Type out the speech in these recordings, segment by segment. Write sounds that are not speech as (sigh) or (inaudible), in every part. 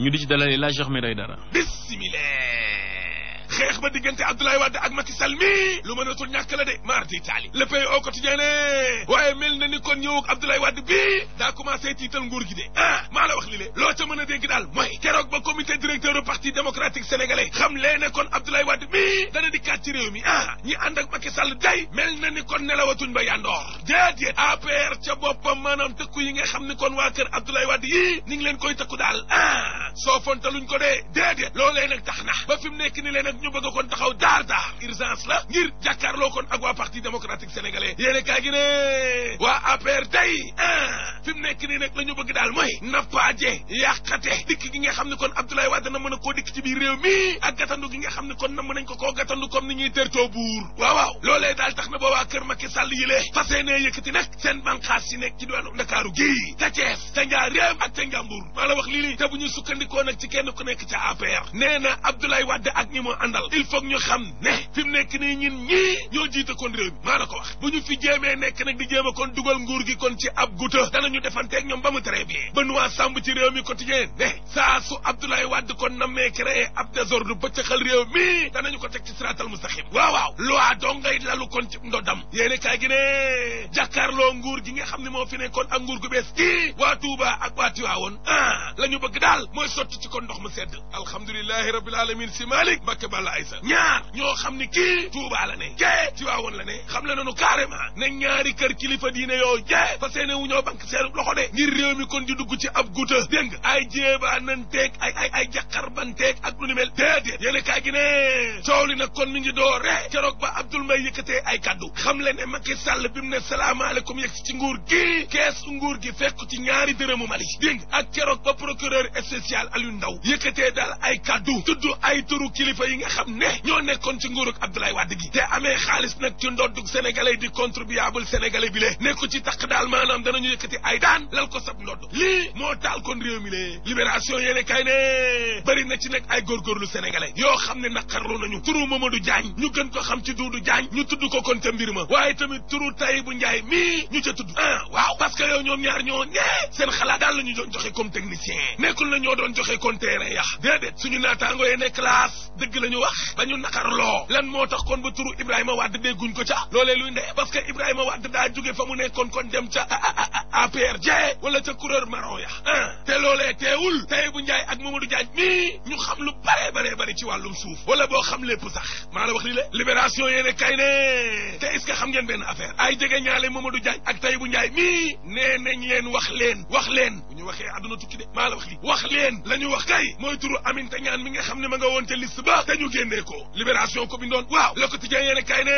ñu di ci dalal El Hadj Ahmed Aidara bismillah xeex ba diggante Abdoulaye Wade ak Macky Sall mi lu mënatul ñàkk la de mardi taali le pays au quotidien waaye mel na ni kon ñëwug Abdoulaye Wade bi daa commencé tiital nguur gi de ah maa la wax li le loo ca mën a dégg daal mooy keroog ba comité directeur du parti démocratique sénégalais xam lee ne kon Abdoulaye Wade mi dana di kat ci mi ah ñi ànd ak Macky day mel na ni kon nelawatuñ ba yandoor déedéet APR ca boppam maanaam tëkku yi nga xam bëgg kon taxaw daar daar urgence la ngir jàkkaarloo kon ak waa parti démocratique sénégalais yéene kaa gi ne waa APR tey ah fi nekk nii nag la ñu bëgg daal mooy nappaaje yàqate dikk gi nga xam ne kon Abdoulaye Wade na mën a koo dikk ci biir réew mi ak gatandu gi nga xam ne kon na mën nañ ko koo gatandu comme ni ñuy tërtoo buur waaw waaw loolee daal tax na ba waa kër Macky Sall yi lee fasee ne yëkkati nag seen banqaas yi nekk ci diwaanu Ndakaaru gii ca Thiès ca Njaaréem la wax lii sukkandikoo nag ci kenn ku nekk ca APR àndal il faut ñu xam ne fi mu nekk nii ñun ñii ñoo jiite kon réew mi maa la ko wax bu ñu fi jéemee nekk nag di jéema a kon dugal nguur gi kon ci ab guta danañu defanteeg ñoom ba mu très bien Benoît Samb ci réew mi quotidien ne saa su Abdoulaye Wade kon namee créé ab désordre bëccëxal réew mi danañu ko teg ci siraatal mustaqim waaw waaw loi doo ngay lalu kon ci ndodam yéene kaay gi ne jàkkaarloo nguur gi nga xam ne moo fi nekkoon ak nguur gu bees gi waa Touba ak waa Tiwaawoon ah la ñu bëgg daal mooy sotti ci kon ndox mu sedd alhamdulilahi rabbil alamin si Malick Mbacké Sall Aïssa ñaar ñoo xam ne kii Touba la ne kee ci waawoon la ne xam le nañu carrément ne ñaari kër kilifa diine yoo jee fa seene wu ñoo banque seen loxo de ngir réew mi kon di dugg ci ab guta dégg ay jéebaa nan teeg ay ay ay jaqar ban teeg ak lu ni mel déedéet yéen gi ne coow li nag kon mi ngi doore ceroog ba Abdoul Mbaye yëkkatee ay kaddu xam le ne Macky Sall bi mu ne salaamaaleykum yegg ci nguur gi kees gi fekk ci ñaari dërëmu Mali dégg ak keroog ba procureur spécial Aliou Ndao yëkkatee daal ay kaddu tudd ay turu kilifa yi nga xam ne ñoo nekkoon ci nguurug Abdoulaye Wade gi te amee xaalis nag ci ndoddug sénégalais di contribuable sénégalais bi le nekku ci taq daal maanaam danañu yëkkati ay daan lal ko sab ndodd lii moo taal kon réew mi le libération yene kay ne bari na ci nekk ay góorgóorlu sénégalais yoo xam ne naqarlu nañu turu Mamadou Diagne ñu gën ko xam ci Doudou jaañ ñu tudd ko kon ca mbir ma waaye tamit turu Tahibou Ndiaye mi ñu ca tudd ah waaw parce que yow ñoom ñaar ñoo seen xalaat daal la ñu doon joxe comme technicien nekkul na ñoo doon joxe kon terrain suñu naataango yee ne classe dëgg la ñu wax dañu naqarloo lan moo tax kon ba turu Ibrahima Wade dégguñ ko ca loolee luy ndee parce que Ibrahima Wade daa jóge fa mu nekkoon kon dem ca APR jee wala ca couleur marron ya ah te loolee teewul tey bu Ndiaye ak Mamadou Diagne mii ñu xam lu bare bare bare ci wàllum suuf wala boo xam lépp sax maa la wax li la libération yéene kay ne te est xam ngeen benn affaire ay jege ñaale Mamadou Diagne ak tey bu Ndiaye mii nee nañ leen wax leen wax leen ñu waxee àdduna tukki de maa la wax li wax leen la wax kay mooy turu Aminata Ñaan mi nga xam ne ma nga woon ca liste ba te ñu génnee ko libération ko bindoon waaw Le Quotidien yéen kay ne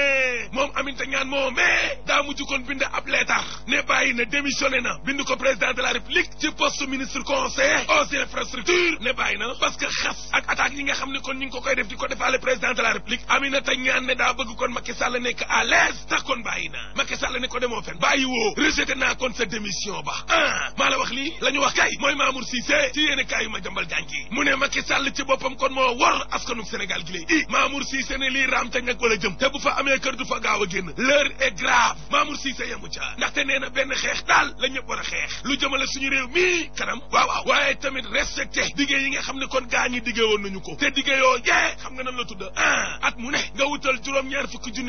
moom Aminata Ñaan moo mais daa mujj kon bind ab leetar ne bàyyi na démissionné na bind ko président de la République ci poste ministre conseiller aux infrastructures ne bàyyi na parce que xas ak attaque nga xam ne kon ñu ngi ko koy def di ko defaale président de la ñu wax kay mooy Mamour Cissé ci yéen kaay ma jambal jàng yi mu ne Macky Sall ci boppam kon moo war askanu Sénégal gi lay i Mamour Cissé ne lii raam ca nag wala jëm te bu fa amee kër du fa gaaw a génn l'heure est grave Mamour Cissé yamu ca ndaxte nee na benn xeex daal la ñëpp war a xeex lu jëmale suñu réew mii kanam waaw waaw waaye tamit respecté diggée yi nga xam ne kon gaa ñi diggée woon nañu ko te diggée yoo yee xam nga nan la tudda a ah at mu ne nga wutal juróom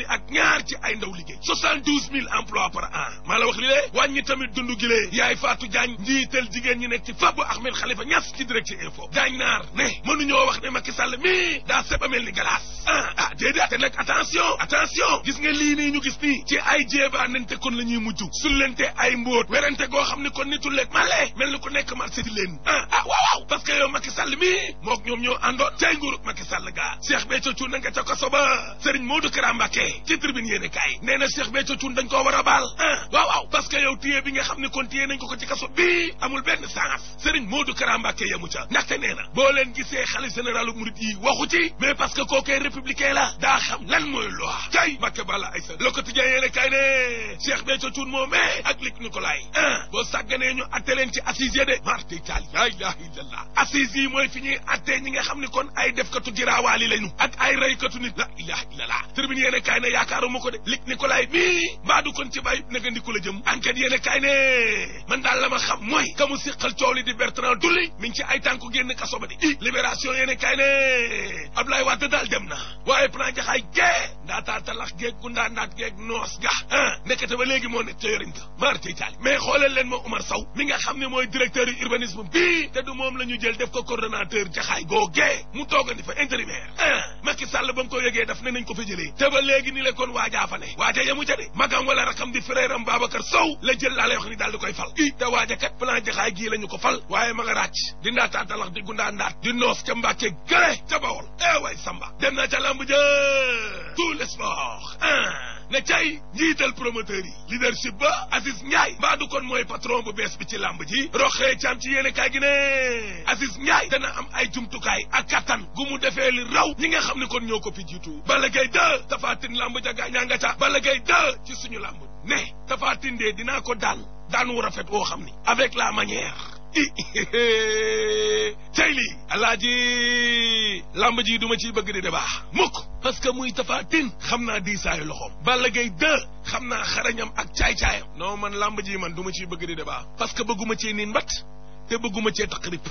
ak ñaar ci ay ndaw liggéey soixante-douze mille emplois par an maa la wax li lée wàññi tamit dund gi lée jigéen ñi nekk ci fabbu Ahmed Khalifa Niass ci direct ci info daañ naar ne mënuñoo wax ne Macky Sall mi daa seba mel ni galaas ah ah déedéet te nag attention gis nga lii nii ñu gis nii ci ay jéebaanante kon la ñuy mujj sullente ay mbóot werante goo xam ne kon nitu male mel ni ku nekk marché di leen ah ah waaw waaw parce que yow Macky Sall mi mook ñoom ñoo àndoon cay nguurug Macky Sall gaa Cheikh Béthio Thioune na nga ca kaso ba Serigne Modou Kara Mbacké a baal ah benn sens Serigne Modou Kara Mbacké yamu ca ndaxte nee boo leen gisee xalif généralu murid yi waxu ci mais parce que kookee républicain la daa xam lan mooy loi kay Mbacké Balla Aïssa Le Quotidien yéene kay ne Cheikh Béthio Thioune moomé eh, ak Luc Nicolaï un boo sàgganee ñu atte leen ci assise de marti tal la ilaha illallah assise yi mooy fi ñuy attee ñi nga xam ni kon ay defkatu giraawaali lañu ak ay reykatu nit la ilaha illallah tribune yéene kay ne ko de Luc Nicolaï mii mbaa du kon ci bàyyi nagandiko la jëm enquête yéene mu siqal coow li di Bertrand Dulli ngi ci ay tànku génn kaso ba di i libération yéene kay ne Ablaye Wade daal dem na waaye plan jaxaay gee ndaataatalax geeg gundaandaat geeg noos ga nekkate ba léegi moo nekk ca yoriñ ga maar tey taali mais xoolal leen ma Umar Sow mi nga xam ne mooy directeur yu urbanisme te du moom la ñu jël def ko coordonnateur jaxaay googee mu toogandi fa intérimaire ah Macky Sall ba mu ko yegee daf ne nañ ko fa jëlee te ba léegi ni la kon waajaa fa ne waaja yamu ca de magam wala rakam di frère am Babacar Sow la jël laa lay wax ni daal di koy fal i te waaja kat plan jaxaay gii la waaye ma nga ràcc di ndaataatalax di gundaandaat di noos ca Mbàkke gële ca Bawol eh way Samba dem na ca lamb jë le sport ah ne cay njiital promoteur yi leadership ba Aziz Ndiaye mbaa du kon mooy patron bu bees bi ci làmb ji roxee cam ci yéene kaay gi ne Aziz Ndiaye dana am ay jumtukaay ak kattan gu mu defee li raw ñi nga xam ne kon ñoo ko fi jiitu Balla Gaye 2 tafaatin làmb ja gaañaa nga ca Balla Gaye 2 ci suñu lamb ne tafaatin de dinaa ko daal daan wu rafet woo xam ni avec la manière tey (laughs) lii alaaji lamb ji du ma ciy bëgg di de baax mukk parce que muy tafaatin xam naa diisaayu loxoom Balla Gaye 2 xam naa xarañam ak caay-caayam noo man lamb ji man duma ma ciy bëgg di de baax parce que bëgguma cee niin mbat te bëgguma cee taqrib